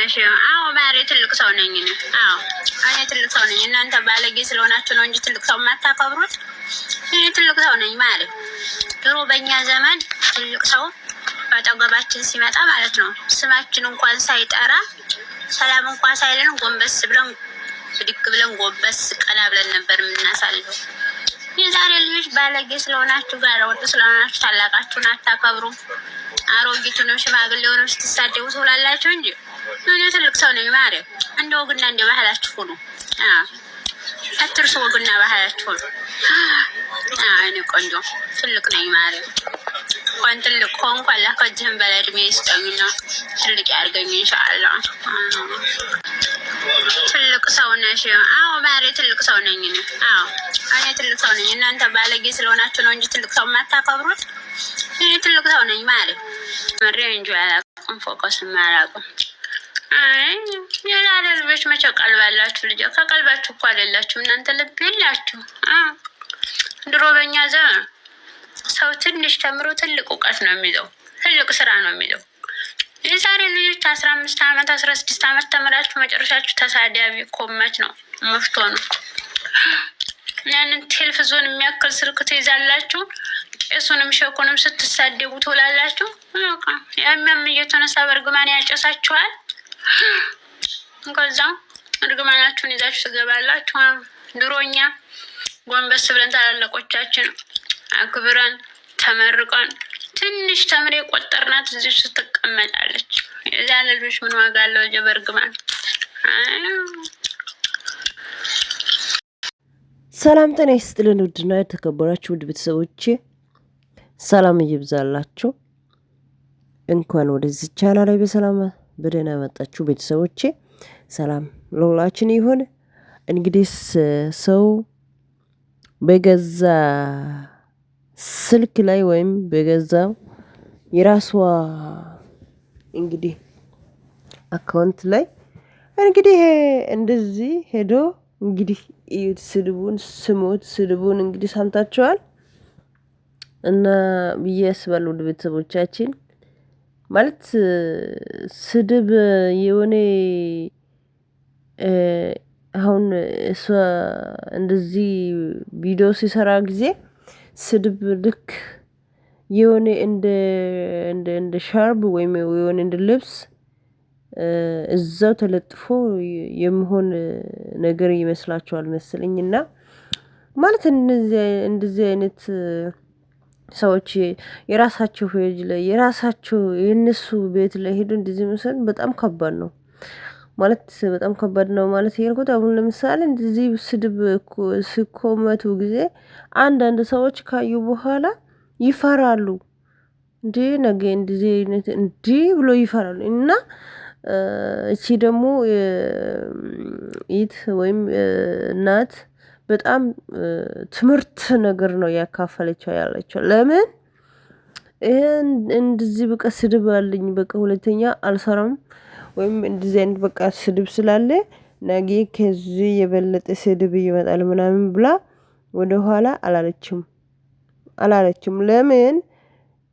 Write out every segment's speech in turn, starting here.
ነሽ? አዎ ባህሪ ትልቅ ሰው ነኝ። አዎ እኔ ትልቅ ሰው ነኝ። እናንተ ባለጌ ስለሆናችሁ ነው እንጂ ትልቅ ሰው የማታከብሩት። እኔ ትልቅ ሰው ነኝ ማለት ድሮ በእኛ ዘመን ትልቅ ሰው አጠገባችን ሲመጣ ማለት ነው ስማችን እንኳን ሳይጠራ ሰላም እንኳን ሳይለን ጎንበስ ብለን ብድግ ብለን ጎንበስ ቀና ብለን ነበር የምናሳልፈው። የዛሬ ልጆች ባለጌ ስለሆናችሁ ጋለወጥ ስለሆናችሁ ታላቃችሁን አታከብሩም። አሮጊቱንም ሽማግሌውንም ስትሳደቡ ትውላላችሁ እንጂ እኔ ትልቅ ሰው ነኝ። ማርያም እንደ ወግና እንደ ባህላችሁ ነው። አትርሱ፣ ወግና ባህላችሁ ነው። እኔ ቆንጆ ትልቅ ነኝ። ማርያም እንኳን ትልቅ ሆንኩ። አላህ ከእጅህም በላይ እድሜ ይስጠኝና ትልቅ ያድርገኝ። እንሻአላ ትልቅ ሰው ነሽ። አዎ ማሬ ትልቅ ሰው ነኝ። አዎ እኔ ትልቅ ሰው ነኝ። እናንተ ባለጌ ስለሆናችሁ ነው እንጂ ትልቅ ሰው የማታከብሩት። እኔ ትልቅ ሰው ነኝ ማሬ። መሪ እንጂ አላውቅም፣ ፎቀስ አላውቅም። አይ የላለ ልጆች መቼ ቀልባላችሁ? ልጅ ከቀልባችሁ እኮ አይደላችሁ እናንተ ልብ የላችሁ። ድሮ በእኛ ዘመን ሰው ትንሽ ተምሮ ትልቅ እውቀት ነው የሚይዘው፣ ትልቅ ስራ ነው የሚይዘው። የዛሬ ልጆች አስራ አምስት አመት አስራ ስድስት አመት ተምራችሁ መጨረሻችሁ ተሳዳቢ ኮመች ነው መፍቶ ነው። ያንን ቴሌቪዥን የሚያክል ስልክ ትይዛላችሁ፣ ቄሱንም ሸኩንም ስትሳደቡ ትውላላችሁ። የሚያም እየተነሳ በእርግማን ያጨሳችኋል። ከዛ እርግማናችሁን ይዛችሁ ትገባላችሁ። ድሮኛ ጎንበስ ብለን ታላላቆቻችን አክብረን ተመርቀን ትንሽ ተምር የቆጠርናት እዚህ ውስጥ ትቀመጣለች። የዚያ ልጆች ምን ዋጋ አለው? ጀበር ግማን ሰላም ጤና ይስጥልን። ውድና የተከበራችሁ ውድ ቤተሰቦቼ ሰላም እይብዛላችሁ። እንኳን ወደዚህ ቻናል ላይ በሰላም በደህና መጣችሁ ቤተሰቦቼ። ሰላም ለሁላችን ይሁን። እንግዲህ ሰው በገዛ ስልክ ላይ ወይም በገዛ የራሷ እንግዲህ አካውንት ላይ እንግዲህ እንደዚህ ሄዶ እንግዲህ እዩት፣ ስድቡን ስሙት፣ ስድቡን እንግዲህ ሰምታችኋል እና ብዬ አስባለሁ ቤተሰቦቻችን ማለት ስድብ የሆነ አሁን እሷ እንደዚህ ቪዲዮ ሲሰራ ጊዜ ስድብ ልክ የሆነ እንደ እንደ ሻርብ ወይም የሆነ እንደ ልብስ እዛው ተለጥፎ የሚሆን ነገር ይመስላችኋል መሰለኝና ማለት እንደዚህ አይነት ሰዎች የራሳችሁ ሄጅ ላይ የራሳችሁ የእነሱ ቤት ላይ ሄዱ እንደዚህ መውሰድ በጣም ከባድ ነው ማለት በጣም ከባድ ነው ማለት ያልኩት አሁን ለምሳሌ እንደዚህ ስድብ ሲኮመቱ ጊዜ አንዳንድ ሰዎች ካዩ በኋላ ይፈራሉ። እንዲ ነገ እንደዚህ አይነት እንዲ ብሎ ይፈራሉ እና እቺ ደግሞ ኢት ወይም እናት በጣም ትምህርት ነገር ነው ያካፈለችው ያለችው። ለምን ይህን እንደዚህ በቃ ስድብ አለኝ በቃ ሁለተኛ አልሰራም ወይም እንደዚህ አይነት በቃ ስድብ ስላለ ነገ ከዚህ የበለጠ ስድብ ይመጣል ምናምን ብላ ወደኋላ አላለችም አላለችም። ለምን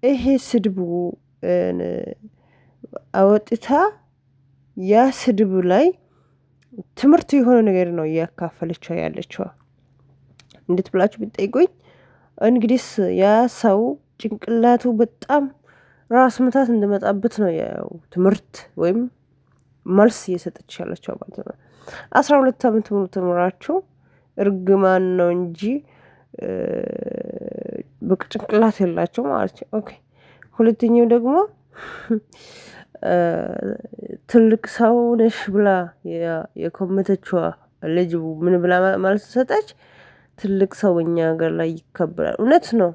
ይሄ ስድቡ አወጥታ ያ ስድብ ላይ ትምህርት የሆነ ነገር ነው እያካፈለችው ያለችው። እንዴት ብላችሁ ብትጠይቁኝ እንግዲህ ያ ሰው ጭንቅላቱ በጣም ራስ ምታት እንደመጣበት ነው ያው ትምህርት ወይም መልስ እየሰጠች ያለችው ማለት ነው። አስራ ሁለት ዓመት ሙሉ ተምራችሁ እርግማን ነው እንጂ በጭንቅላት የላቸው ማለት ነው። ኦኬ ሁለተኛው ደግሞ ትልቅ ሰው ነሽ ብላ የኮመተችዋ ልጅ ምን ብላ ማለት ሰጠች? ትልቅ ሰው እኛ ሀገር ላይ ይከበራል። እውነት ነው፣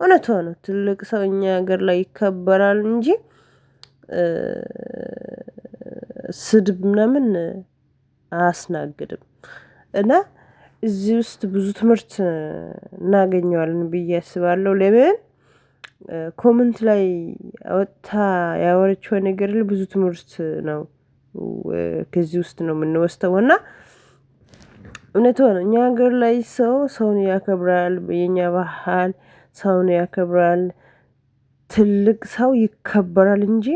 እውነቷ ነው። ትልቅ ሰው እኛ ሀገር ላይ ይከበራል እንጂ ስድብ ምናምን አያስናግድም። እና እዚህ ውስጥ ብዙ ትምህርት እናገኘዋለን ብዬ አስባለሁ። ለምን ኮመንት ላይ ወጥታ ያወረችው ነገር ብዙ ትምህርት ነው። ከዚህ ውስጥ ነው የምንወስደው እና እውነት ሆነ እኛ ሀገር ላይ ሰው ሰውን ያከብራል የኛ ባህል ሰውን ያከብራል። ትልቅ ሰው ይከበራል እንጂ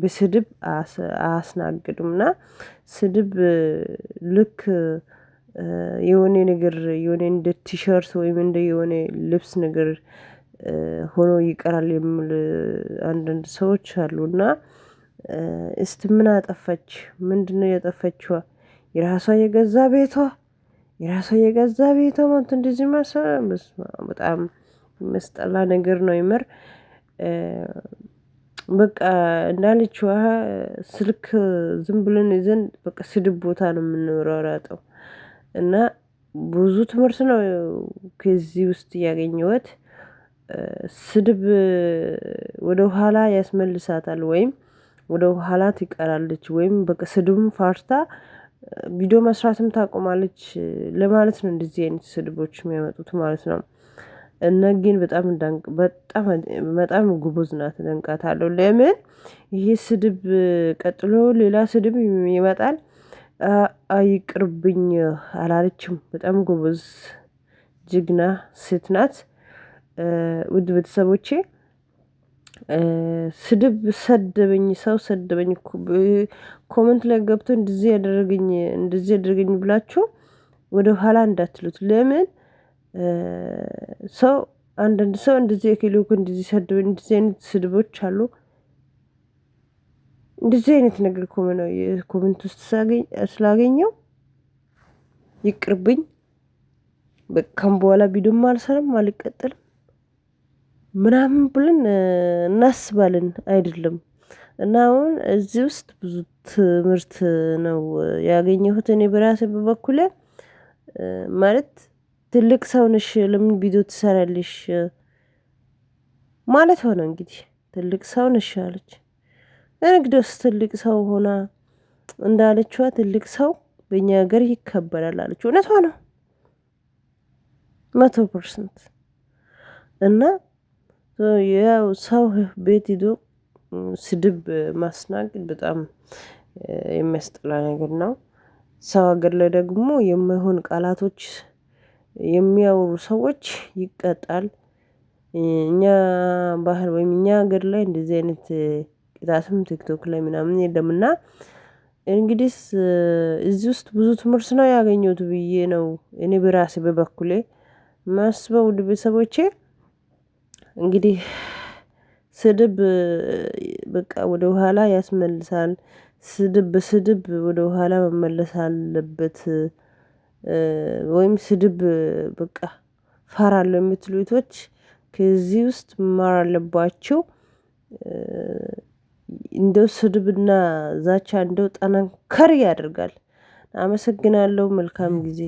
በስድብ አያስናግዱምና ስድብ ልክ የሆነ ነገር የሆነ እንደ ቲሸርት ወይም እንደ የሆነ ልብስ ነገር ሆኖ ይቀራል የሚል አንዳንድ ሰዎች አሉና እስቲ ምን አጠፋች? ምንድነው የጠፈችዋ የራሷ የገዛ ቤቷ የራሷ የገዛ ቤቷ ማለት እንደዚህ ማሳ በጣም መስጠላ ነገር ነው። የምር በቃ እንዳለችዋ ስልክ ዝም ብለን ይዘን በቃ ስድብ ቦታ ነው የምንወራራጠው እና ብዙ ትምህርት ነው ከዚህ ውስጥ ያገኘሁት። ስድብ ወደ ኋላ ያስመልሳታል ወይም ወደ ኋላ ትቀራለች ወይም በቃ ስድቡም ፋርታ ቪዲዮ መስራትም ታቆማለች ለማለት ነው። እንደዚህ አይነት ስድቦች የሚያመጡት ማለት ነው። እና ግን በጣም በጣም ጉቦዝ ናት፣ ደንቃታለሁ። ለምን ይሄ ስድብ ቀጥሎ ሌላ ስድብ ይመጣል። አይቅርብኝ አላለችም። በጣም ጉቦዝ ጀግና ሴት ናት። ውድ ቤተሰቦቼ ስድብ ሰደበኝ፣ ሰው ሰደበኝ፣ ኮመንት ላይ ገብቶ እንደዚህ ያደረገኝ እንደዚህ ያደረገኝ ብላችሁ ወደ ኋላ እንዳትሉት። ለምን ሰው አንዳንድ ሰው እንደዚህ የክሊኩ እንደዚህ ሰደበኝ፣ እንደዚህ አይነት ስድቦች አሉ። እንደዚህ አይነት ነገር ኮመ ነው ኮመንት ውስጥ ስላገኘው ይቅርብኝ። በቃም በኋላ ቢዱም አልሰራም አልቀጥልም። ምናምን ብለን እናስባለን አይደለም። እና አሁን እዚህ ውስጥ ብዙ ትምህርት ነው ያገኘሁት እኔ በራሴ በበኩሌ ማለት ትልቅ ሰው ነሽ ለምን ቪዲዮ ትሰራለሽ ማለት ሆነ እንግዲህ ትልቅ ሰው ነሽ አለች። እንግዲያውስ ትልቅ ሰው ሆና እንዳለችዋ ትልቅ ሰው በእኛ ሀገር ይከበራል አለች እውነቷ ነው። መቶ ፐርሰንት እና ያው ሰው ቤት ሂዶ ስድብ ማስናገድ በጣም የሚያስጠላ ነገር ነው። ሰው ሀገር ላይ ደግሞ የማይሆን ቃላቶች የሚያወሩ ሰዎች ይቀጣል። እኛ ባህል ወይም እኛ ሀገር ላይ እንደዚህ አይነት ቅጣትም ቲክቶክ ላይ ምናምን የለምና። እንግዲህስ እዚህ ውስጥ ብዙ ትምህርት ነው ያገኘሁት ብዬ ነው እኔ በራሴ በበኩሌ ማስበው ውድ ቤተሰቦቼ እንግዲህ ስድብ በቃ ወደ ኋላ ያስመልሳል። ስድብ በስድብ ወደ ኋላ መመለስ አለበት። ወይም ስድብ በቃ እፈራለሁ የምትሉ እህቶች ከዚህ ውስጥ መማር አለባቸው። እንደው ስድብና ዛቻ እንደው ጠንከር ያደርጋል። አመሰግናለሁ መልካም ጊዜ።